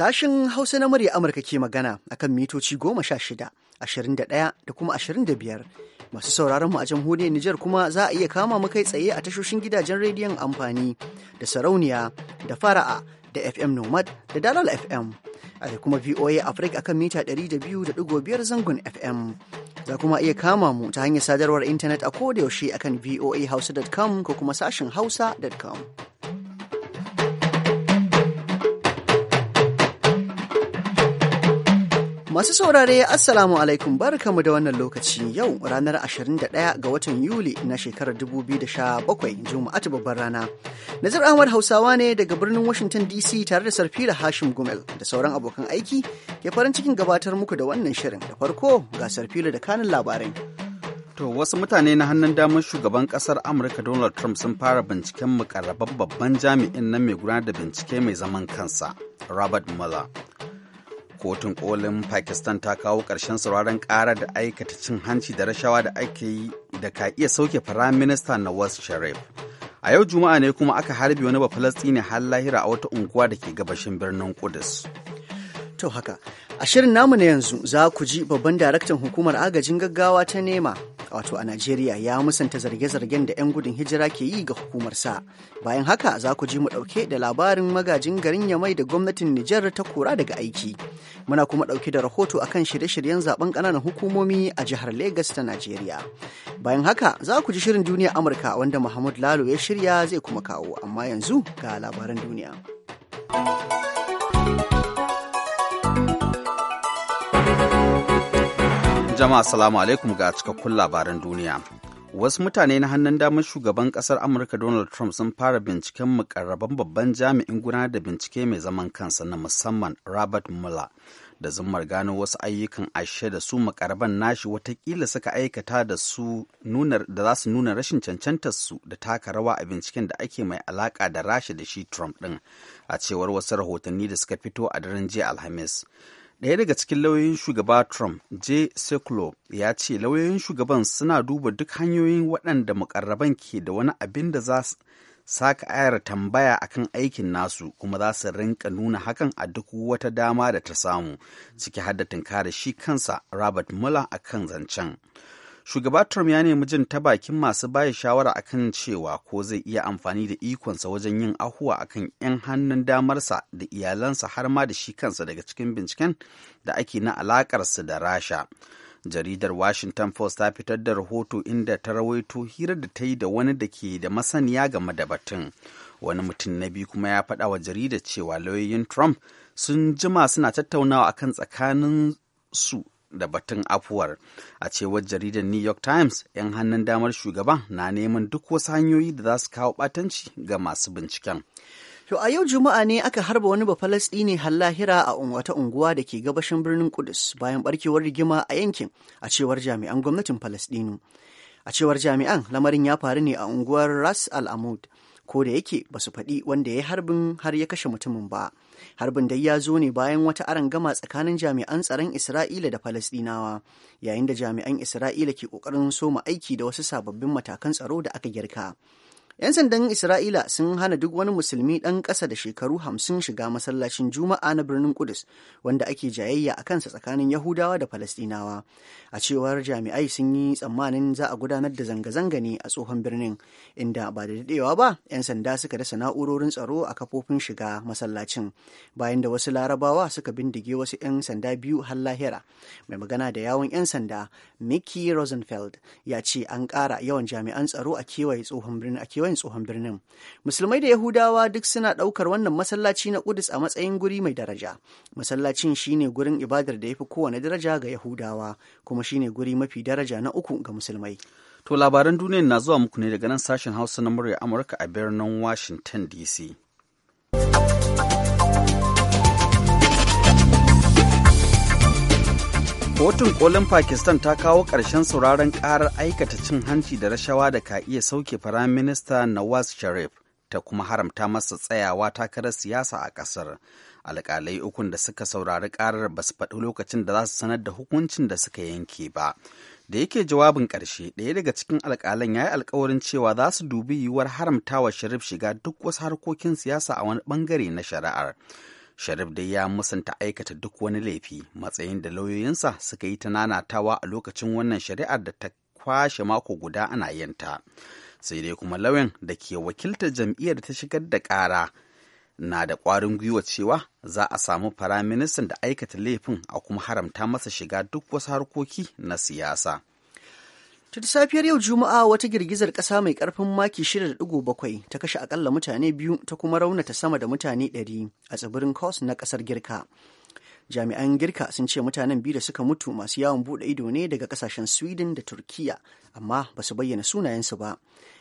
Sashen Hausa na murya Amurka ke magana akan mitoci goma sha shida, ashirin da ɗaya da kuma ashirin da biyar. Masu sauraron mu a jamhuriyar Nijar kuma za a iya kama mu kai tsaye a tashoshin gidajen rediyon amfani da sarauniya da fara'a da FM Nomad da Dalal FM. A da kuma VOA Africa akan mita ɗari da da biyu 200.5 zangon FM. Za kuma iya kama mu ta hanyar sadarwar intanet a kodayaushe akan voahausa.com ko kuma sashen hausa.com. Masu saurare Assalamu alaikum mu' da wannan lokaci yau ranar 21 ga watan Yuli na shekarar 2017 ta babbar rana. Nazar Ahmad Hausawa ne daga birnin Washington DC tare da Sarfila Hashim Gumel da sauran abokan aiki ke farin cikin gabatar muku da wannan shirin da farko ga Sarfila da kanin labarai. To wasu mutane na hannun damar shugaban kasar Amurka Donald Trump sun fara binciken mukarraban babban jami'in nan mai gudanar da bincike mai zaman kansa Robert Mueller. kotun kolin pakistan ta kawo ƙarshen sauraron ƙara da aikata cin hanci da rashawa da ake yi da ka iya sauke firayim minista nawaz sharif a yau juma'a ne kuma aka harbe wani bafalastini har lahira a wata unguwa da ke gabashin birnin kudus to haka a shirin namu na yanzu za ku ji babban daraktan hukumar agajin gaggawa ta nema wato a najeriya ya musanta zarge-zargen da 'yan gudun hijira ke yi ga hukumarsa bayan haka za ku ji mu ɗauke da labarin magajin garin yamai da gwamnatin nijar ta kura daga aiki muna kuma ɗauke da rahoto akan shirye-shiryen zaben ƙananan hukumomi a jihar Legas ta Najeriya. Bayan haka za ku ji shirin duniya Amurka wanda Muhammad Lalo ya shirya zai kuma kawo amma yanzu ga labaran duniya. jama'a salamu alaikum ga cikakkun labaran duniya wasu mutane na hannun damar shugaban kasar amurka donald trump sun fara binciken mukarraban babban jami'in gudanar da bincike mai zaman kansa na musamman robert mueller da zumar gano wasu ayyukan ashe da su makarban nashi watakila suka aikata da su da za su nuna rashin cancantar su da taka rawa a binciken da ake mai alaka da rasha da shi trump din a cewar wasu rahotanni da suka fito a daren jiya alhamis Ɗaya daga cikin lauyoyin shugaba Trump, Jay seklo ya ce lauyoyin shugaban suna duba duk hanyoyin waɗanda mukarraban ke da wani abin da za su saka ayar tambaya akan aikin nasu kuma za su rinka nuna hakan a duk wata dama da ta samu, ciki har da shi kansa Robert Mueller akan zancen. shugaba trump ya nemi jin ta bakin masu baya shawara akan cewa ko zai iya amfani da ikonsa wajen yin ahuwa akan 'yan hannun damarsa da iyalansa har ma da shi kansa daga cikin binciken da ake na alakarsa da rasha jaridar washington post ta fitar da rahoto inda ta rawaito hirar da ta yi da wani da ke da masaniya game da batun wani mutum na biyu kuma ya faɗa wa jaridar cewa lauyoyin trump sun jima suna tattaunawa akan tsakanin su da batun afuwar a cewar jaridar new york times 'yan hannun damar shugaban na neman duk wasu hanyoyi da za su kawo ɓatanci ga masu binciken To a yau Juma'a ne aka harba wani Bafalastini hallahira a wata unguwa da ke gabashin birnin Kudus bayan barkewar rigima a yankin a cewar jami'an gwamnatin Falastinu. A cewar jami'an lamarin ya faru ne a unguwar Ras Al Amud ko da yake ba su faɗi wanda ya harbin har ya kashe mutumin ba. harbin dai ya zo ne bayan wata gama tsakanin jami'an tsaron isra'ila da falasdinawa yayin da jami'an isra'ila ke ƙoƙarin soma aiki da wasu sababbin matakan tsaro da aka girka 'Yan sandan Isra'ila sun hana duk wani musulmi ɗan ƙasa da shekaru hamsin shiga masallacin Juma'a na birnin Kudus, wanda ake jayayya a kansa tsakanin Yahudawa da Falastinawa. A cewar jami'ai sun yi tsammanin za a gudanar da zanga-zanga ne a tsohon birnin, inda ba da daɗewa ba 'yan sanda suka dasa na'urorin tsaro a kafofin shiga masallacin, bayan da wasu larabawa suka bindige wasu 'yan sanda biyu har lahira. Mai magana da yawon 'yan sanda Mickey Rosenfeld ya ce an ƙara yawan jami'an tsaro a kewaye tsohon birnin a kewaye tsohon birnin musulmai da yahudawa duk suna ɗaukar wannan masallaci na kudus a matsayin guri mai daraja masallacin shine gurin ibadar da ya fi kowane daraja ga yahudawa kuma shine guri mafi daraja na uku ga musulmai to labaran duniya na zuwa muku ne daga nan sashen hausa na murya amurka a birnin washington dc Kotun kolin Pakistan ta kawo ƙarshen sauraron ƙarar aikata cin hanci da rashawa da ka iya sauke Firaminista Nawaz Sharif ta kuma haramta masa tsayawa takarar siyasa a ƙasar. Alƙalai ukun da suka saurari ƙarar ba su faɗi lokacin da za su sanar da hukuncin da suka yanke ba. Da yake jawabin ƙarshe, ɗaya daga cikin alƙalan ya yi alƙawarin cewa za su dubi yiwuwar haramtawa Sharif shiga duk wasu harkokin siyasa a wani ɓangare na shari'ar. Sharif dai ya musanta aikata duk wani laifi matsayin da lauyoyinsa suka yi ta nanatawa a lokacin wannan shari'ar da ta kwashe mako guda ana yanta. Sai dai kuma lauyan da ke wakiltar jam'iyyar ta shigar da ƙara na da ƙwarin gwiwa cewa za a samu firaministan da aikata laifin a kuma haramta masa shiga duk wasu harkoki na siyasa. Tun safiyar yau Juma'a wata girgizar ƙasa mai ƙarfin maki 6.7 ta kashe akalla mutane biyu ta kuma raunata sama da mutane 100 a tsibirin Kos na ƙasar Girka. Jami'an Girka sun ce mutanen biyu da suka mutu masu yawon buɗe ido ne daga ƙasashen Sweden da Turkiya, amma ba su bayyana sunayensu ba.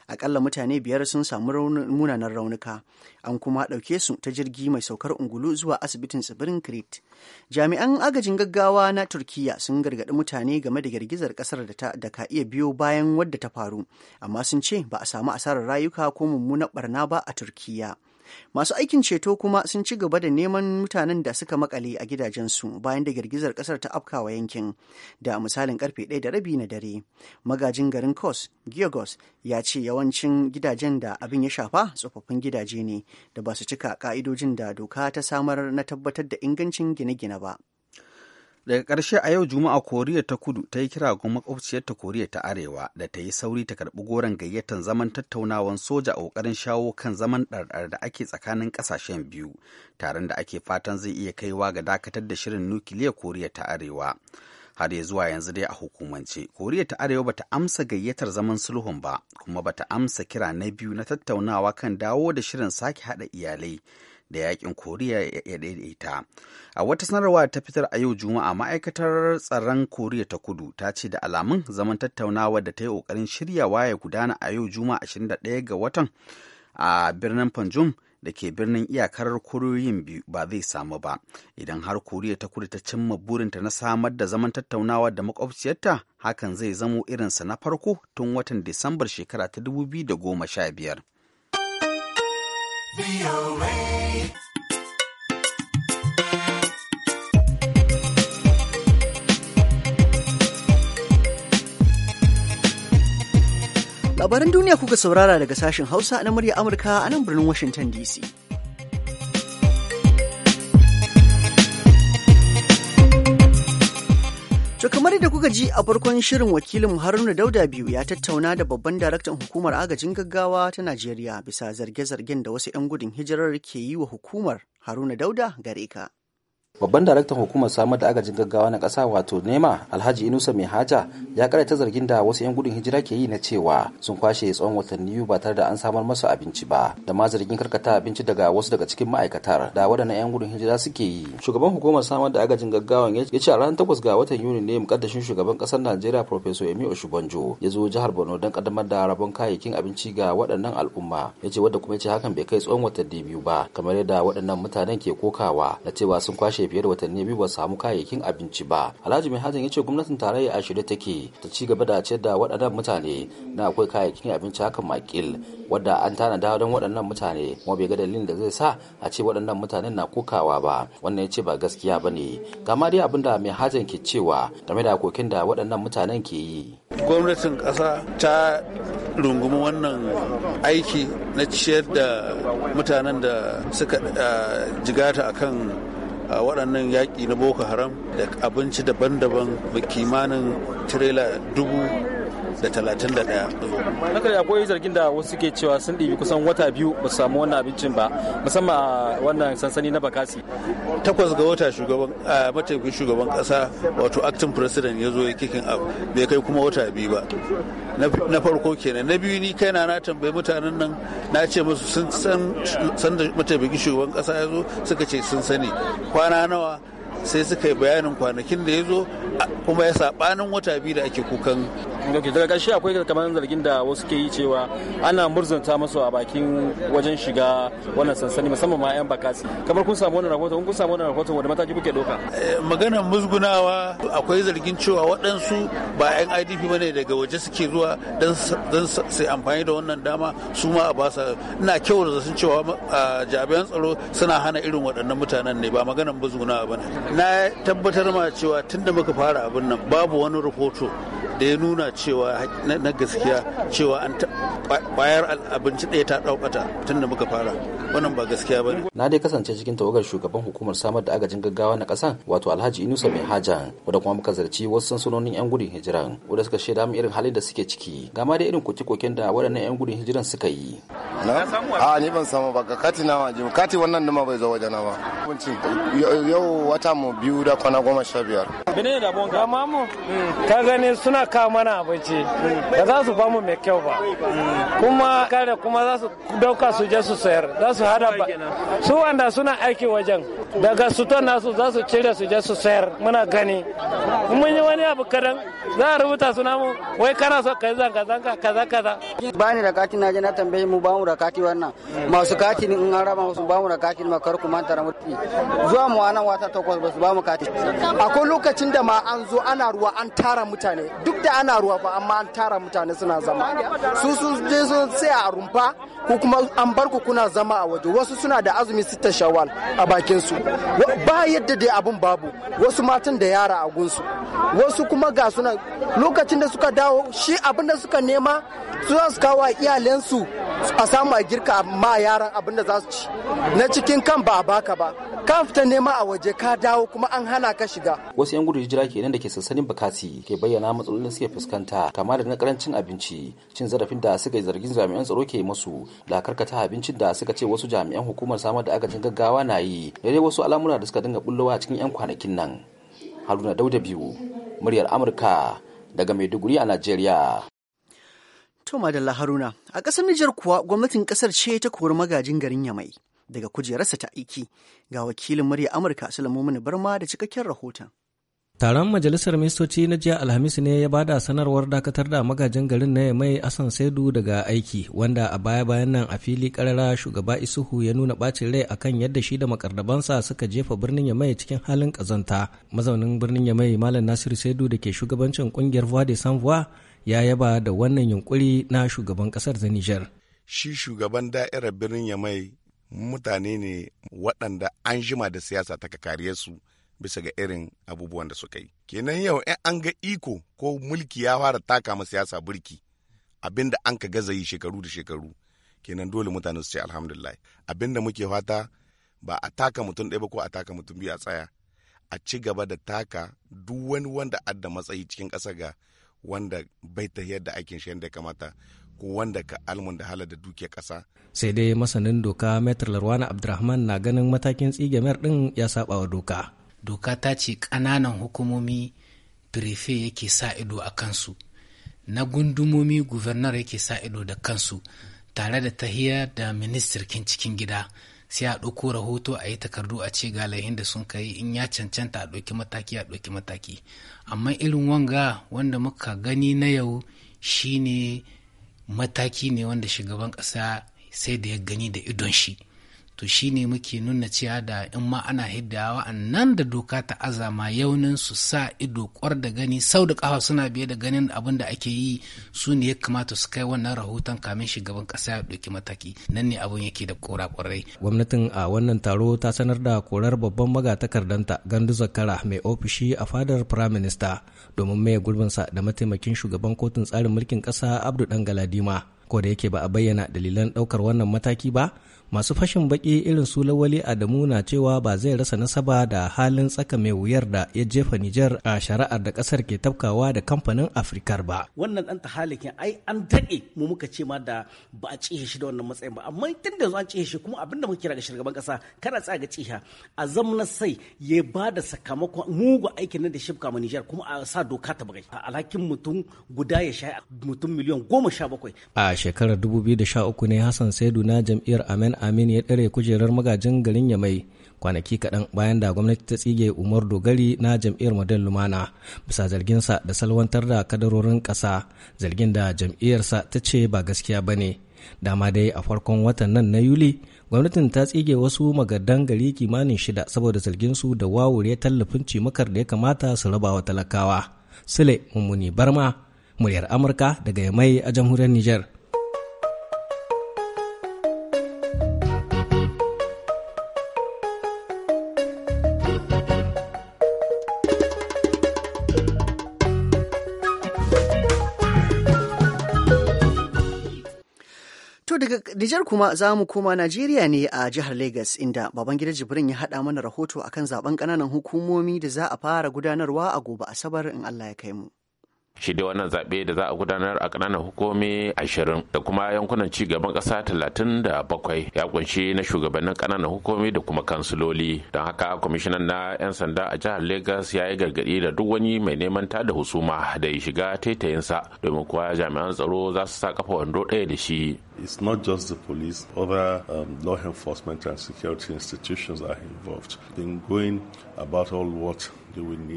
akalla mutane biyar sun samu munanan raunuka an kuma ɗauke su ta jirgi mai saukar ungulu zuwa asibitin tsibirin crete jami'an agajin gaggawa na turkiya sun gargaɗi mutane game da girgizar ƙasar da ka iya biyo bayan wadda ta faru amma sun ce ba a samu asarar rayuka ko mummunar ɓarna ba a turkiya Masu aikin ceto kuma sun ci gaba da neman mutanen da suka makale a gidajensu bayan da girgizar kasar ta afkawa yankin da misalin karfe ɗaya da rabi na dare. Magajin garin Kos, Giyogos ya ce yawancin gidajen da abin ya shafa tsofaffin gidaje ne da ba su cika ka'idojin da doka ta samar na tabbatar da ingancin gine-gine ba. daga ƙarshe a yau juma'a koriya ta kudu ta yi kira ga makwabciyarta koriya ta arewa da ta yi sauri ta karɓi goron gayyatar zaman tattaunawan soja a ƙoƙarin shawo kan zaman ɗarɗar da ake tsakanin ƙasashen biyu taron da ake fatan zai iya kaiwa ga dakatar da shirin nukiliya koriya ta arewa har ya zuwa yanzu dai a hukumance koriya ta arewa bata amsa gayyatar zaman sulhun ba kuma bata amsa kira na biyu na tattaunawa kan dawo da shirin sake haɗa iyalai da yakin koriya ya daidaita a wata sanarwa ta fitar a yau juma'a ma'aikatar tsaron koriya ta kudu ta ce da alamun zaman tattaunawa da ta yi kokarin shiryawa ya gudana a yau juma'a 21 ga watan a birnin panjum da ke birnin iyakar koriyoyin biyu ba zai samu ba idan har koriya ta kudu ta cimma burinta na samar da zaman tattaunawa da makwabciyarta hakan zai zamo irinsa na farko tun watan disambar shekara ta 2015 Labaran duniya kuka saurara daga sashen Hausa na murya Amurka a nan birnin Washington DC. To kamar da kuka ji a farkon shirin wakilin Haruna Dauda biyu ya tattauna da babban daraktan hukumar agajin gaggawa ta Najeriya bisa zarge-zargen da wasu 'yan gudun hijirar ke yi wa hukumar Haruna Dauda gare ka. babban daraktan hukumar samar da agajin gaggawa na ƙasa wato nema alhaji inusa mai haja ya karaita zargin da wasu 'yan gudun hijira ke yi na cewa sun kwashe tsawon watanni ba tare da an samar masa abinci ba da ma zargin karkata abinci daga wasu daga cikin ma'aikatar da waɗannan 'yan gudun hijira suke yi shugaban hukumar samar da agajin gaggawa ya ce a ranar takwas ga watan yuni ne mukaddashin shugaban ƙasar najeriya Profesor Emi Oshubanjo ya zo jihar borno don kaddamar da rabon kayayyakin abinci ga waɗannan al'umma ya ce wadda kuma ya ce hakan bai kai tsawon watanni biyu ba kamar yadda waɗannan mutanen ke kokawa na cewa sun kwashe fiye da watanni biyu ba samu kayayyakin abinci ba alhaji mai hajjan ya ce gwamnatin tarayya a shirye take ta ci gaba da ciyar da waɗannan mutane na akwai kayayyakin abinci hakan makil wadda an tanada don waɗannan mutane kuma bai ga dalilin da zai sa a ce waɗannan mutanen na kokawa ba wannan ya ce ba gaskiya ba ne gama dai abin da mai hajjan ke cewa game da kokin da waɗannan mutanen ke yi gwamnatin ƙasa ta rungumi wannan aiki na ciyar da mutanen da suka eh, jigata akan waɗannan yaƙi na boko haram da abinci daban-daban kimanin tirela dubu da talatin da daya. Na kare akwai zargin da wasu ke cewa sun ɗibi kusan wata biyu ba samu wannan abincin ba musamman a wannan sansani na Bakasi. Takwas ga wata shugaban mataimakin shugaban ƙasa wato acting president ya zo ya kikin abu bai kai kuma wata biyu ba. Na farko kenan na biyu ni kaina na tambayi mutanen nan na ce musu sun san san da mataimakin shugaban ƙasa ya zo suka ce sun sani kwana nawa sai suka yi bayanin kwanakin da ya zo kuma ya saɓanin wata biyu da ake kukan okay daga ƙarshe akwai kamar zargin da wasu ke yi cewa ana murzanta masu a bakin wajen shiga wannan sansani musamman ma 'yan bakasi kamar kun samu wannan rahoton kun samu wannan rahoton wanda mataki kuke doka. Eh, maganar musgunawa akwai zargin cewa waɗansu ba 'yan idp bane daga waje suke zuwa don sai amfani da wannan dama su ma a basa ina kyau da sun cewa jami'an tsaro suna hana irin waɗannan mutanen ne ba maganar musgunawa bane na tabbatar ma cewa tunda muka fara abin nan babu wani rahoto da ya nuna cewa na gaskiya cewa an bayar abinci ɗaya ta ɗaukata tun da muka fara wannan ba gaskiya ba ne. na dai kasance cikin tawagar shugaban hukumar samar da agajin gaggawa na ƙasan wato alhaji inusa mai haja wanda kuma muka zarci wasu sansanonin yan gudun hijiran wanda suka shaida mu irin halin da suke ciki gama da irin koke-koken da waɗannan yan gudun hijiran suka yi a ni ban samu ba kati na waje kati wannan nima bai zo waje na ba yau wata mu biyu da kwana goma sha biyar bene da bonga mamu ka gani suna kawo mana abinci ba za su bamu mai kyau ba kuma kare kuma za su dauka su je su sayar za su hada ba su wanda suna aiki wajen daga suton nasu za su cire su je su sayar muna gani mun yi wani abu kadan za a rubuta suna mu wai kana so kai zanga zanga kaza kaza ba ni da kati na je na tambaye mu ba mu da kati wannan masu kati in an raba su ba mu da kati ma kar ku manta da mutum zuwa mu anan wata takwas ba su ba mu kati akwai lokacin da ma an zo ana ruwa an tara mutane duk yadda ana ruwa ba amma an tara mutane suna zama su sun je sun tsaya a rumfa ko kuma an bar ku kuna zama a waje wasu suna da azumi sita shawal a bakin su ba yadda dai abun babu wasu matan da yara a gunsu wasu kuma ga suna lokacin da suka dawo shi abin da suka nema su za su kawo su a samu a girka ma yaran abin da za su ci na cikin kan ba a baka ba ka fita nema a waje ka dawo kuma an hana ka shiga wasu yan gudu hijira kenan da ke sansanin bakasi ke bayyana matsalolin da suke fuskanta kama da na karancin abinci cin zarafin da suka yi zargin jami'an tsaro ke musu da karkata abincin da suka ce wasu jami'an hukumar samar da agajin gaggawa na yi da dai wasu al'amura da suka dinga bullowa a cikin 'yan kwanakin nan haruna dauda biyu muryar amurka daga maiduguri a nigeria. to madalla haruna a kasar nijar kuwa gwamnatin kasar ce ta kori magajin garin yamai daga kujerarsa ta aiki ga wakilin murya amurka sulaimu barma da cikakken rahoton Taron majalisar ministoci na jiya Alhamis ne ya bada sanarwar dakatar da magajin garin na mai Asan Saidu daga aiki wanda a baya-bayan nan a fili karara shugaba Isuhu ya nuna bacin rai akan yadda shi da makardabansa suka jefa birnin ya mai cikin halin kazanta. Mazaunin birnin ya mai Malam Nasiru Saidu da ke shugabancin kungiyar Voix de ya yaba da wannan yunkuri na shugaban kasar da Nijar. Shi shugaban da'irar birnin ya mai mutane ne waɗanda an jima da siyasa ta kariyarsu. su bisa ga irin abubuwan da suka yi kenan yau in an ga iko ko mulki ya fara taka ma siyasa burki abinda an ka gaza yi shekaru da shekaru kenan dole mutane su ce alhamdulillah abinda muke fata ba a taka mutum ɗaya ba ko a taka mutum biyu a tsaya a ci gaba da taka duk wani wanda adda matsayi cikin ƙasa ga wanda bai ta yadda aikin shi yadda ya kamata ko wanda ka almun da hala da duke ƙasa. sai dai masanin doka metar larwana abdulrahman na ganin matakin tsige mayar ɗin ya saba wa doka doka ta ce ƙananan hukumomi prefe yake sa ido a kansu na gundumomi guvernar yake sa ido da kansu tare da tahiyar da ministirkin cikin gida sai a ɗauko rahoto a yi takardu a ce ga laihin da sun kai in ya cancanta a ɗauki mataki a ɗauki mataki amma irin wanga wanda muka gani na yau shine mataki ne wanda shugaban ƙasa sai da ya gani da idon shi to shine muke nuna cewa da in ma ana hidda wa'annan da doka ta azama yaunin su sa ido kwar da gani sau da kafa suna biye da ganin abin da ake yi su ne ya kamata su kai wannan rahoton kamin shugaban kasa ya ɗauki mataki nan ne abin yake da kora kwarai gwamnatin a wannan taro ta sanar da korar babban magatakardanta gandu zakara mai ofishi a fadar prime minister domin mai sa da mataimakin shugaban kotun tsarin mulkin kasa abdu dan galadima ko da yake ba a bayyana dalilan daukar wannan mataki ba masu fashin baki irin su lawali adamu na cewa ba zai rasa nasaba da halin tsaka mai wuyar da ya jefa nijar a shari'ar da kasar ke tafkawa da kamfanin afirkar ba wannan dan tahalikin ai an daɗe mu muka ce ma da ba a cihe shi da wannan matsayin ba amma tun da an cihe shi kuma abinda muka kira ga shugaban kasa kada ga ciha a zamna sai ya ba da sakamakon mugu aikin da shifka ma nijar kuma a sa doka ta bugai alhakin mutum guda ya sha mutum miliyan goma sha bakwai a shekarar 2013 ne hassan saidu na jam'iyyar amen aminu ya ɗare kujerar magajin garin Yamai kwanaki kaɗan bayan da gwamnati ta tsige Umar Dogari na jam'iyyar Model Lumana bisa zarginsa da salwantar da kadarorin ƙasa zargin da jam'iyyarsa ta ce ba gaskiya ba ne. Dama dai a farkon watan nan na Yuli gwamnatin ta tsige wasu magadan gari kimanin shida saboda zargin su da wawure tallafin cimakar da ya kamata su raba wa talakawa. Sule Mummuni Barma, muryar Amurka daga Yamai a jamhuriyar Nijar. daga Nijar kuma za mu koma Najeriya ne a jihar Legas inda baban Babangida Jibrin ya haɗa mana rahoto akan zaben ƙananan hukumomi da za a fara gudanarwa a gobe Asabar in Allah ya kai mu. shi dai wannan zaɓe da za a gudanar a ƙananan hukumi ashirin da kuma yankunan ci gaban ƙasa talatin da bakwai ya kunshi na shugabannin ƙananan hukumi da kuma kansiloli don haka kwamishinan na 'yan sanda a jihar lagos ya yi gargaɗi da duk wani mai neman da husuma da ya shiga taitayinsa domin kuwa jami'an tsaro za su sa kafa wando ɗaya da shi It's not just the police, other um, law enforcement and security institutions are involved in going about all what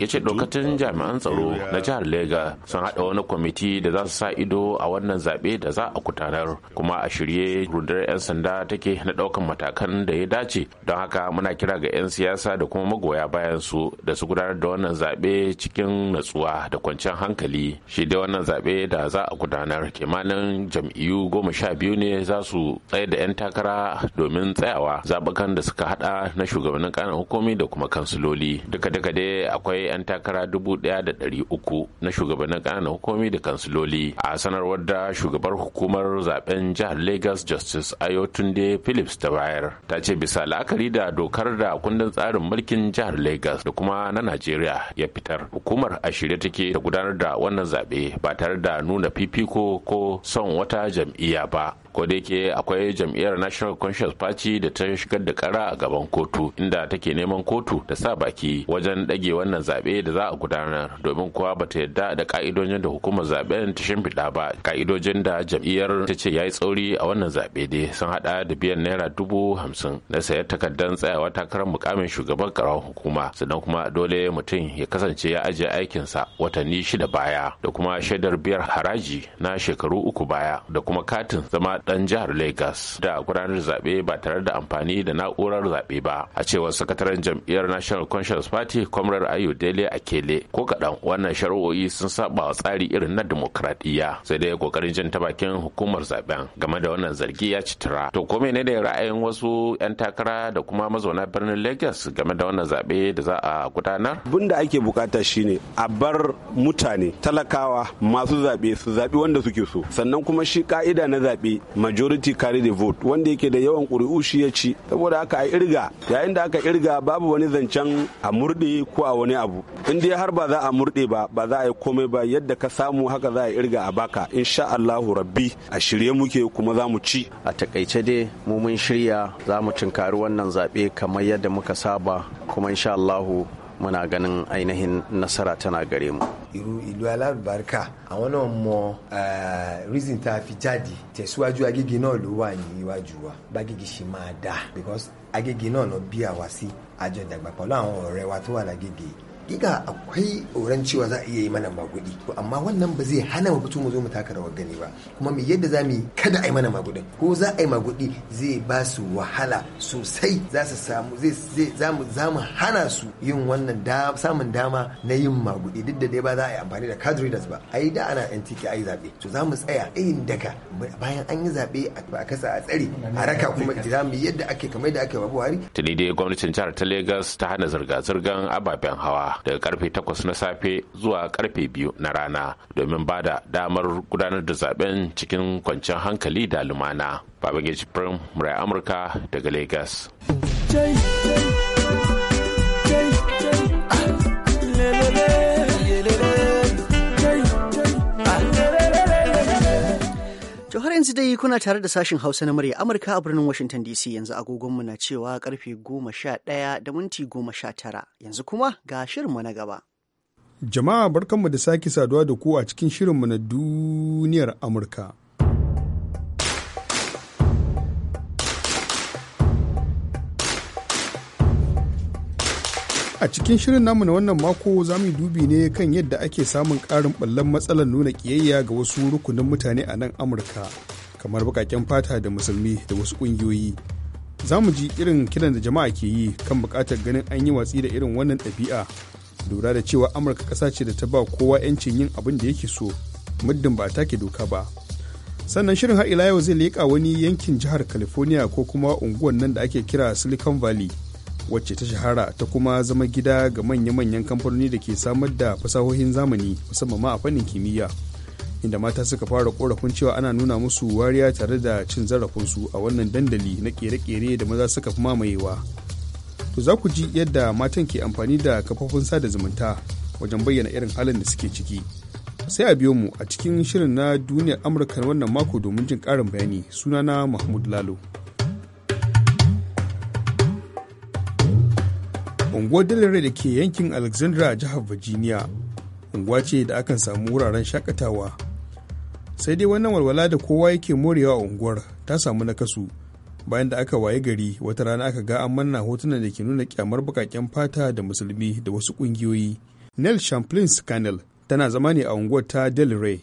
ya ce ɗaukacin jami'an tsaro na jihar lega sun haɗa wani kwamiti da za su sa ido a wannan zaɓe da za a kutanar, kuma a shirye rundunar 'yan sanda take na ɗaukan matakan da ya dace don haka muna kira ga 'yan siyasa da kuma magoya bayan su da su gudanar da wannan zaɓe cikin natsuwa da kwanciyar hankali shi dai wannan zaɓe da za a gudanar kimanin jam'iyyu goma sha biyu ne za su tsaye da 'yan takara domin tsayawa zaɓukan da suka haɗa na shugabannin ƙananan hukumi da kuma kansiloli duka-duka dai akwai 'yan takara dubu ɗaya da ɗari uku na shugabannin ƙananan hukumomi da kansiloli a sanarwar da shugabar hukumar zaben jihar lagos justice ayotunde phillips ta bayar ta ce bisa la'akari da dokar da kundin tsarin mulkin jihar lagos da kuma na najeriya ya fitar hukumar a shirye take da gudanar da wannan zaɓe ba tare da nuna fifiko ko son wata jam'iyya ba ko da yake akwai jam'iyyar national conscious party da ta shigar da kara a gaban kotu inda take neman kotu ta sa baki wajen dage wannan zaɓe da za a gudanar domin kuwa ba ta yarda da ka'idojin da hukumar zaben ta shimfiɗa ba ka'idojin da jam'iyyar ta ce ya yi tsauri a wannan zaɓe dai sun haɗa da biyan naira dubu hamsin na sayar takardar tsayawa takarar mukamin shugaban karawar hukuma sannan kuma dole mutum ya kasance ya ajiye aikinsa watanni shida baya da kuma shaidar biyar haraji na shekaru uku baya da kuma katin zama dan jihar Legas, da gudanar zaɓe ba tare da amfani da na'urar zaɓe ba. A cewar sakataren jam'iyyar National Conscious Party Comrade Ayu Dele Akele ko kaɗan wannan shari'o'i sun saba wa tsari irin na demokradiyya sai dai kokarin jin ta bakin hukumar zaben game da wannan zargi ya ci To ko ne da ra'ayin wasu 'yan takara da kuma mazauna birnin Legas, game da wannan zaɓe da za a gudanar? bunda ake bukata shine a bar mutane talakawa masu zaɓe su zaɓi wanda suke so sannan kuma shi ka'ida na zaɓe majority carry the vote wanda yake da yawan kuri'u shi ya ci saboda haka a irga yayin da aka irga babu wani zancen a murɗe ko a wani abu in dai har ba za a murɗe ba ba za a yi komai ba yadda ka samu haka za a irga a baka insha Allahu rabbi a shirye muke kuma za mu ci a takaice dai mu mun shirya za mu tunkari wannan zaɓe kamar yadda muka saba kuma insha Allahu muna ganin ainihin nasara tana gare mu irú ìlú alálùbáríkà àwọn náà mọ eh, reason tá a fi jáde tẹ̀síwájú agége náà ló wà ní iwájú wa bágége ṣe máa dáa because agége náà lọ bí àwa sí àjọ ìdàgbàpọ̀ láwọn ọ̀rẹ́ wa tó wà lágége yìí hakika akwai tsoron cewa za a iya yi mana magudi amma wannan ba zai hana mu fito mu zo mu taka rawar gani ba kuma me yadda za mu kada a yi mana magudi ko za a yi magudi zai ba su wahala sosai za su samu zai za mu za mu hana su yin wannan samun dama na yin magudi duk da dai ba za a yi amfani da card readers ba ai da ana NTK ai zabe to za mu tsaya yin daga bayan an yi zabe a kasa a tsare a raka kuma za mu yadda ake kamar da ake wa Buhari. Tuni dai gwamnatin jihar ta Lagos ta hana zirga-zirgar ababen hawa daga karfe 8 na safe zuwa karfe 2 na rana domin ba da damar gudanar da zaben cikin kwanciyar hankali da lumana. Babangeji Prim, Murai Amurka daga Lagos. yanzu dai kuna tare da sashin Hausa na murya Amurka a birnin Washington DC yanzu agogonmu na cewa karfe goma da minti goma yanzu kuma ga shirinmu na gaba. Jama'a barkanmu da sake saduwa da ku a cikin shirinmu na duniyar Amurka. A cikin shirin namu na wannan mako za mu dubi ne kan yadda ake samun ƙarin ɓallon matsalar nuna ƙiyayya ga wasu rukunin mutane a nan Amurka, kamar baƙaƙen fata da musulmi da wasu ƙungiyoyi. Za mu ji irin kiran da jama'a ke yi kan buƙatar ganin an yi watsi da irin wannan ɗabi'a, lura da cewa Amurka ƙasa ce da ta ba kowa 'yancin yin abin da yake so, muddin ba take doka ba. sannan shirin har ila yau zai leƙa wani yankin jihar california ko kuma unguwan nan da ake kira silicon valley wacce ta shahara ta kuma zama gida ga manya-manyan kamfanoni da ke samar da fasahohin zamani musamman ma a fannin kimiyya inda mata suka fara korafin cewa ana nuna musu wariya tare da cin zarafinsu a wannan dandali na kere-kere da maza suka fi mamayewa to za ku ji yadda matan ke amfani da kafofin sada zumunta wajen bayyana irin halin da suke ciki sai a biyo mu a cikin shirin na duniyar amurka wannan mako domin jin ƙarin bayani sunana mahmud lalo unguwar dalare da ke yankin alexandra a jihar virginia unguwa ce da akan samu wuraren shakatawa sai dai wannan walwala da kowa yake morewa a unguwar ta samu nakasu bayan da aka waye gari wata rana aka ga an manna hotunan da ke nuna kyamar bukaken fata da musulmi da wasu kungiyoyi nell champlain scannel tana zama ne a unguwar ta del rey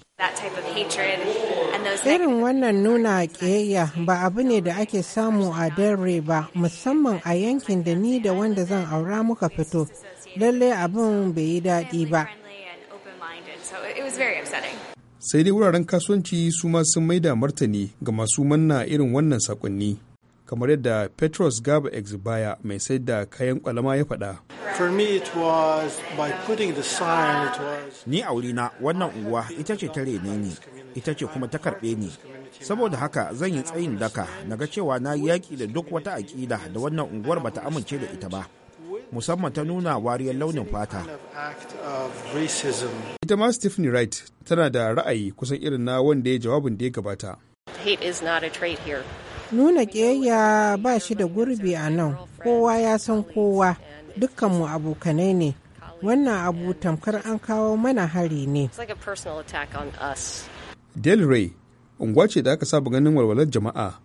Irin wannan nuna ƙiyayya ba abu ne da ake samu a dare ba musamman a yankin da ni da wanda zan aura muka fito. Lallai abin bai yi daɗi ba. Sai dai wuraren kasuwanci su ma sun maida martani ga masu manna irin wannan sakonni. kamar yadda Petros Gaba Exibaya mai sai da kayan kwalama ya faɗa. Ni a wurina wannan unguwa ita ce ta rene ne ita ce kuma ta karɓe ni saboda haka zan yi tsayin daka na ga cewa na yi yaƙi da duk wata aƙida da wannan unguwar bata amince da ita ba musamman ta nuna wariyar launin fata ita ma stephanie wright tana da ra'ayi kusan irin na wanda ya jawabin da ya gabata nuna ƙiyayya ba shi da gurbi a nan kowa ya san kowa dukkanmu abokanai ne wannan abu tamkar an kawo mana hari ne delray unguwa ce da aka saba ganin walwalar jama'a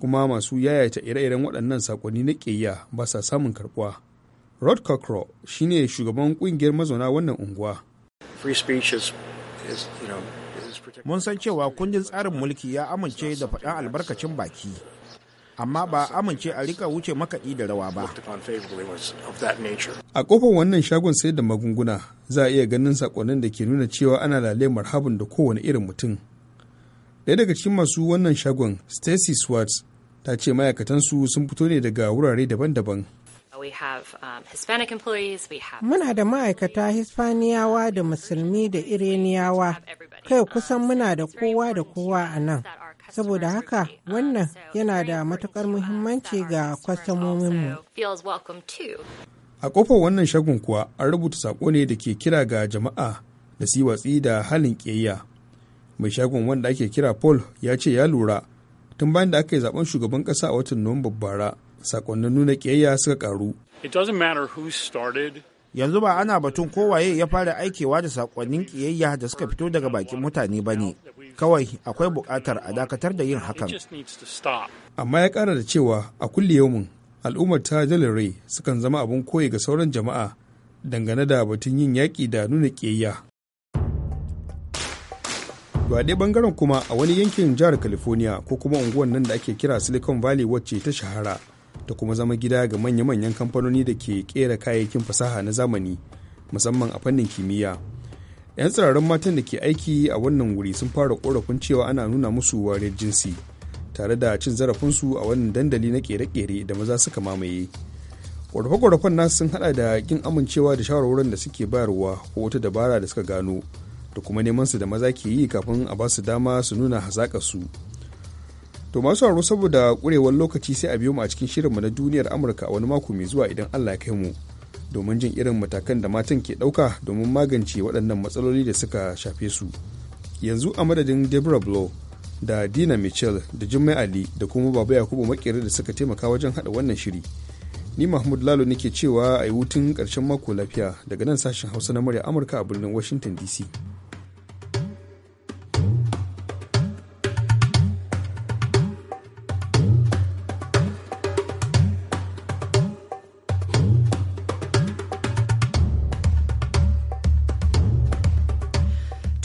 kuma masu yayata ire-iren waɗannan sakonni na ƙeya ba sa samun karɓuwa. Rod Cockrell shi ne shugaban ƙungiyar mazauna wannan unguwa. Mun san cewa kundin tsarin mulki ya amince da faɗan albarkacin baki. amma ba amince a rika wuce makaɗi da rawa ba. A kofar wannan shagon sai da magunguna za a iya ganin sakonnin da ke nuna cewa ana lale marhabin da kowane irin mutum. daya daga cikin masu wannan shagon Stacy Swartz ta ce ma'aikatansu sun fito ne daga wurare daban-daban. Uh, um, muna da ma'aikata Hispaniyawa da Musulmi da ireniyawa kai kusan muna da kowa da kowa a nan. saboda haka wannan yana da matukar muhimmanci ga kwastomominmu. A kofar wannan shagon kuwa an rubuta saƙo ne da ke kira ga jama'a da su watsi da halin ƙiyayya. Mai shagon wanda ake kira Paul ya ce ya lura tun bayan da aka yi zaben shugaban ƙasa a watan Nuwamba bara saƙonnin nuna ƙiyayya suka ƙaru. It doesn't matter who yanzu ba ana batun kowaye ya fara aikewa da sakonnin kiyayya da suka fito daga bakin mutane ba ne kawai akwai buƙatar a dakatar da yin hakan amma ya kara da cewa a kulle yaumin al'ummar ta jalare sukan zama abin koyi ga sauran jama'a dangane da batun yin yaƙi da nuna ƙiyayya ba dai bangaren kuma a wani yankin jihar california ko kuma unguwar nan da ake kira silicon valley wacce ta shahara da kuma zama gida ga manya-manyan kamfanoni da ke kera kayayyakin fasaha na zamani musamman a fannin kimiyya 'yan tsirarin matan da ke aiki a wannan wuri sun fara korafin cewa ana nuna musu wariyar jinsi tare da cin zarafinsu a wannan dandali na kere-kere da maza suka mamaye ƙorafe-ƙorafen nasu sun hada da kin amincewa da shawarwarin da suke bayarwa ko wata dabara da suka gano da kuma neman su da maza ke yi kafin a ba su dama su nuna hazaƙarsu. su To masu sauraro saboda kurewar lokaci sai a biyo mu a cikin shirinmu na duniyar Amurka a wani mako mai zuwa idan Allah ya kai mu. Domin jin irin matakan da matan ke ɗauka domin magance waɗannan matsaloli da suka shafe su. Yanzu a madadin Deborah Blow da Dina Mitchell da Jummai Ali da kuma Baba Yakubu Makere da suka taimaka wajen haɗa wannan shiri. Ni Mahmud Lalo nake cewa a yi hutun ƙarshen mako lafiya daga nan sashen Hausa na murya Amurka a birnin Washington DC.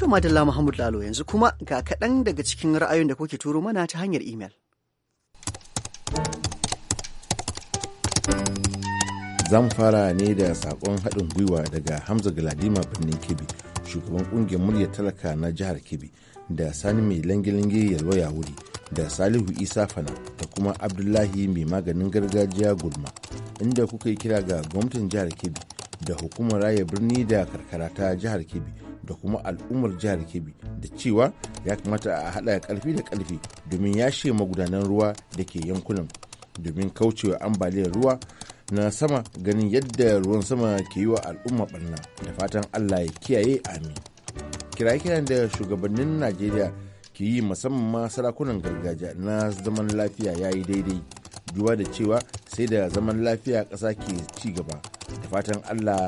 To Madalla Muhammad Lalo yanzu kuma ga kaɗan daga cikin ra'ayoyin da kuke turo mana ta hanyar imel. Zan fara ne da saƙon haɗin gwiwa daga Hamza Galadima birnin Kebbi, shugaban ƙungiyar muryar talaka na jihar Kebbi, da Sani mai langilange yalwa ya wuri, da Salihu Isa Fana, da kuma Abdullahi mai maganin gargajiya gulma, inda kuka yi kira ga gwamnatin jihar Kebbi da hukumar raya birni da karkara ta jihar kebbi da kuma al'ummar jihar kebbi da cewa ya kamata a haɗa karfi da karfi domin yashe magudanan ruwa da ke yankunan domin kaucewa ambaliyar ruwa na sama ganin yadda ruwan sama ke yi wa al'umma barna da fatan allah ya kiyaye amin kira kiran da shugabannin najeriya ke yi musamman ma sarakunan gargajiya na zaman lafiya ya yi daidai duba da cewa sai da zaman lafiya ƙasa ke ci gaba da fatan allah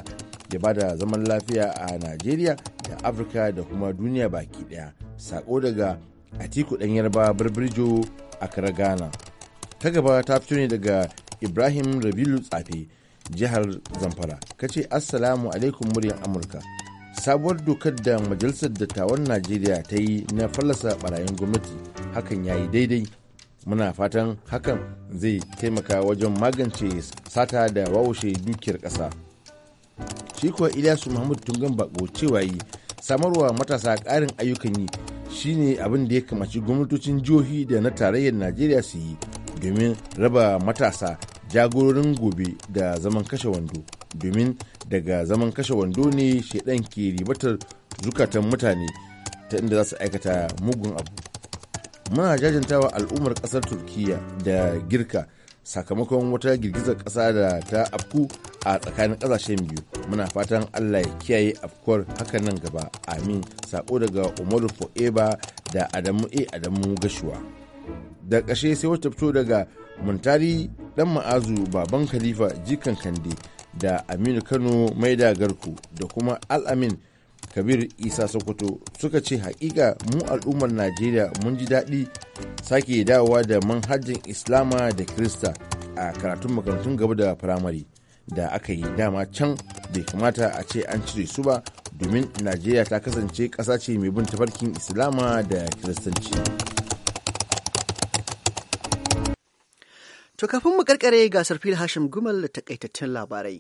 ya bada zaman lafiya a najeriya da afirka da kuma duniya baki daya sako daga atiku dan yarba birbirjo a karagana. ta gaba ta fito ne daga ibrahim rabilu tsafe jihar zamfara kace assalamu alaikum muryar amurka sabuwar dokar da majalisar dattawan najeriya ta yi na fallasa barayin gwamnati hakan ya yi daidai muna fatan hakan zai taimaka wajen magance sata da wawashe dukiyar ƙasa shi kuwa ilyasu tun tungan bako cewa yi samarwa matasa ƙarin ayyukan yi shine abin da ya kamaci gwamnatocin jihohi da na tarayyar najeriya su yi domin raba matasa jagororin gobe da zaman kashe wando domin daga zaman kashe wando ne shaidan ke ribatar zukatan mutane ta inda za su aikata mugun abu muna jajantawa al'ummar kasar turkiya da girka sakamakon wata girgizar kasa da ta afku a tsakanin kasashen biyu muna fatan allah ya kiyaye afkuwar hakan nan gaba amin sako daga umaru fo'eba da adamu e adamu gashuwa da ƙashe sai wata fito daga muntari dan ma'azu baban khalifa jikan kande da aminu kano maida garku da kuma al'amin kabir isa sokoto suka ce hakika mu al'ummar najeriya mun ji daɗi sake dawowa da manhajin islama da krista a karatun makarantun gaba da firamare da aka yi dama can bai kamata a ce an cire su ba domin najeriya ta kasance ƙasa ce mai bin tafarkin islama da kiristanci to kafin mu karkare gasar sarfil hashim gumal da takaitattun labarai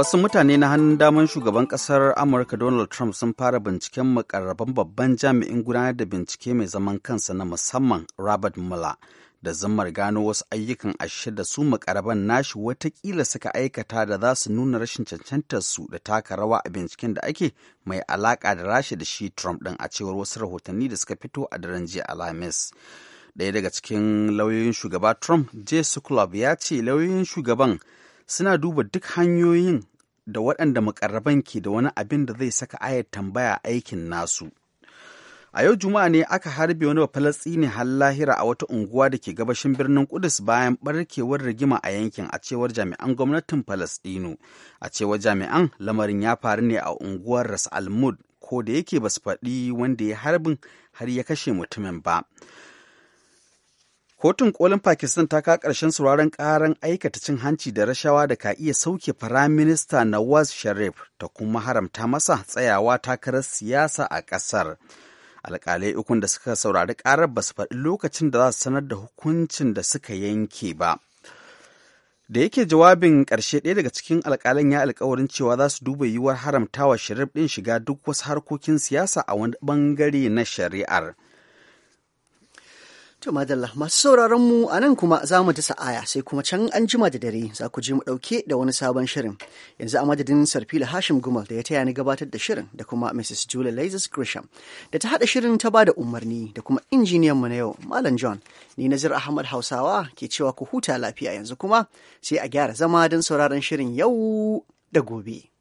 Wasu mutane na hannun daman shugaban kasar Amurka Donald Trump sun fara binciken makarraban babban jami'in gudanar da bincike mai zaman kansa na musamman Robert Mueller da zammar gano wasu ayyukan ashe da su makaraban nashi watakila suka aikata da za su nuna rashin cancantar su da taka rawa a binciken da ake mai alaka da rashi da shi Trump din a cewar wasu rahotanni da suka fito a daren jiya Alhamis. Ɗaya daga cikin lauyoyin shugaba Trump, Jay Sekulow ya ce lauyoyin shugaban suna duba duk hanyoyin da waɗanda mukarraban ke da wani abin da zai saka ayar tambaya aikin nasu. A yau Juma'a ne aka harbe wani Falastini har lahira a wata unguwa da ke gabashin birnin Kudus bayan barkewar rigima a yankin a cewar jami'an gwamnatin Falasɗinu A cewar jami'an lamarin ya faru ne a unguwar Ras Almud ko da yake ba su faɗi wanda ya harbin har ya kashe mutumin ba. Kotun kolin Pakistan ta ka ƙarshen sauraron ƙarar aikata cin hanci da rashawa da ka iya sauke Firaminista Nawaz Sharif ta kuma haramta masa tsayawa takarar siyasa a ƙasar. Alƙalai ukun da suka saurari ƙarar ba su faɗi lokacin da za su sanar da hukuncin da suka yanke ba. da yake jawabin ƙarshe ɗaya daga cikin alƙalan ya alƙawarin cewa za su duba yiwuwar haramtawa sharif ɗin shiga duk wasu harkokin siyasa a wani ɓangare na shari'ar To madalla masu sauraron mu a nan kuma za mu ta sa'aya sai kuma can an jima da dare za ku je mu ɗauke da wani sabon shirin. Yanzu a madadin Sarfila Hashim Gumal da ya taya ni gabatar da shirin da kuma Mrs. Julia Lazis Grisham da ta haɗa shirin ta ba da umarni da kuma injiniyan mu na yau Malam John. Ni Nazir Ahmad Hausawa ke cewa ku huta lafiya yanzu kuma sai a gyara zama don sauraron shirin yau da gobe.